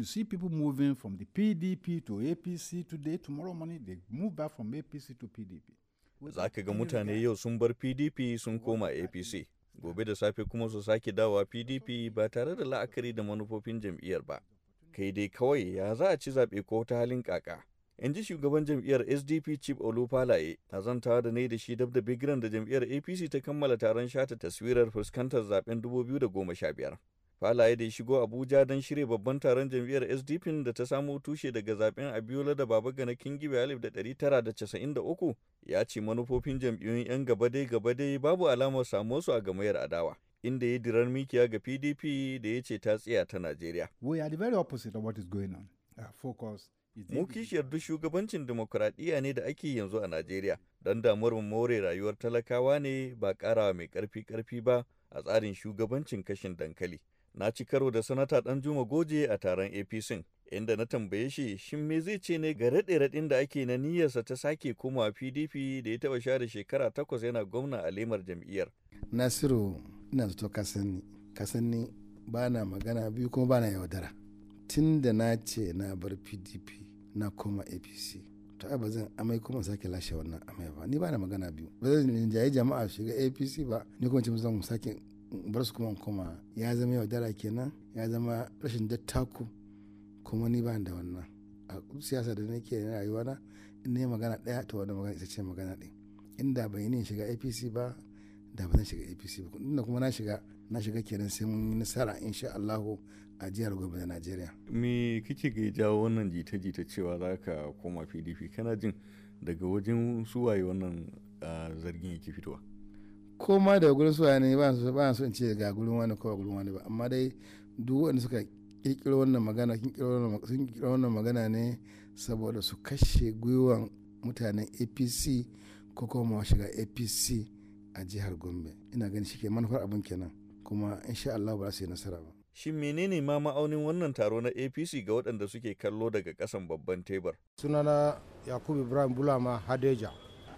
you see people moving from the PDP to APC today, tomorrow morning they move back from APC to PDP. Za ka ga mutane yau sun bar PDP sun koma APC, gobe da safe kuma su sake dawa PDP ba tare da la'akari da manufofin jam'iyyar ba. Kai dai kawai ya za a ci zaɓe ko ta halin kaka. In ji shugaban jam'iyyar SDP Chief Olufalaye, zanta da ne da shi dab da bigiran da jam'iyyar APC ta kammala taron shata taswirar fuskantar zaben 2015. Falaye da ya shigo Abuja don shirya babban taron jam'iyyar SDP da ta samo tushe daga zaben Abiola da Baba Gana kingi Alif da ɗari tara da casa'in da uku ya ce manufofin jam'iyyun 'yan gaba gabadai gabadai babu alamar samo su a gamayar adawa. Inda ya dirar mikiya ga PDP da ya ce ta tsaya ta Najeriya. We are the very opposite of what is going on. Mu kishiyar duk shugabancin demokuraɗiyya ne da ake yanzu a Najeriya, don damar mu more rayuwar talakawa ne ba ƙarawa mai ƙarfi ƙarfi ba a tsarin shugabancin kashin dankali. na ci karo da sanata juma Goje a taron APC inda na tambaye shi shin me zai ce ne ga raɗe-raɗin da ake na niyyarsa ta sake komawa PDP da ya taɓa share shekara takwas yana gwamna a lemar jam'iyyar. Nasiru ina zato ka sani ka sani ba na magana biyu kuma ba na yaudara tun da na ce na bar PDP na koma APC to ai ba zan amai kuma sake lashe wannan amai ba ni ba na magana biyu ba zan jaye jama'a shiga APC ba ni kuma ce zan sake bar su kuma kuma ya zama yau dara kenan ya zama rashin dattaku kuma ni ba da wannan a siyasa da nake na rayuwa na in ne magana daya to wannan magana ita ce magana din inda bai ni shiga APC ba da ba zan shiga APC ba inda kuma na shiga na shiga kenan sai mun yi nasara insha Allah a jihar gobe da Najeriya me kike ga jawo wannan jita-jita cewa zaka koma PDP kana jin daga wajen su suwaye wannan ah, zargin yake fitowa koma da gurin su ne ba su ba su in ce ga gurin wani ko gurin wani ba amma dai duk wanda suka kirkiro wannan magana sun kirkiro wannan magana ne saboda su kashe gwiwan mutanen apc ko kuma shiga apc a jihar gombe ina ganin shi ke manufar abin kenan kuma insha Allah ba su yi nasara ba shin menene ma ma'aunin wannan taro na apc ga waɗanda suke kallo daga ƙasan babban tebur sunana yakubu ibrahim bulama hadeja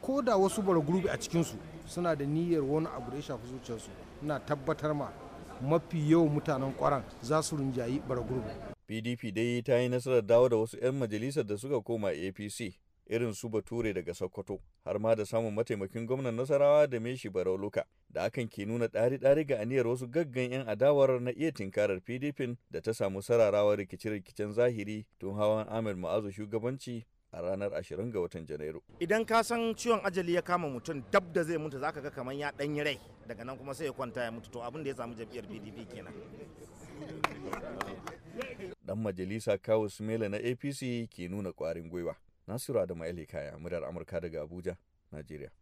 ko da wasu bara gurbi a cikinsu suna da niyyar wani abu da ya shafi zuciyarsu ina tabbatar ma mafi yawan mutanen kwaran za su rinjayi bara gurbi pdp dai ta yi nasarar dawo da wasu 'yan majalisar da suka koma apc irin su bature daga sokoto har ma da samun mataimakin gwamnan nasarawa da meshi barau luka da akan ke nuna ɗari-ɗari ga aniyar wasu gaggan 'yan adawar na iya tinkarar pdp da ta samu sararawar rikice-rikicen zahiri tun hawan ahmed ma'azu shugabanci a ranar 20 ga watan janairu idan ka san ciwon ajali ya kama mutum dab da zai mutu zaka ga kamar ya danyi rai daga nan kuma sai ya kwanta ya mutu to abin da ya samu jam'iyyar pdp kenan dan majalisa kawo smela na apc ke nuna kwarin gwiwa nasiru adamu kaya muryar amurka daga abuja najeriya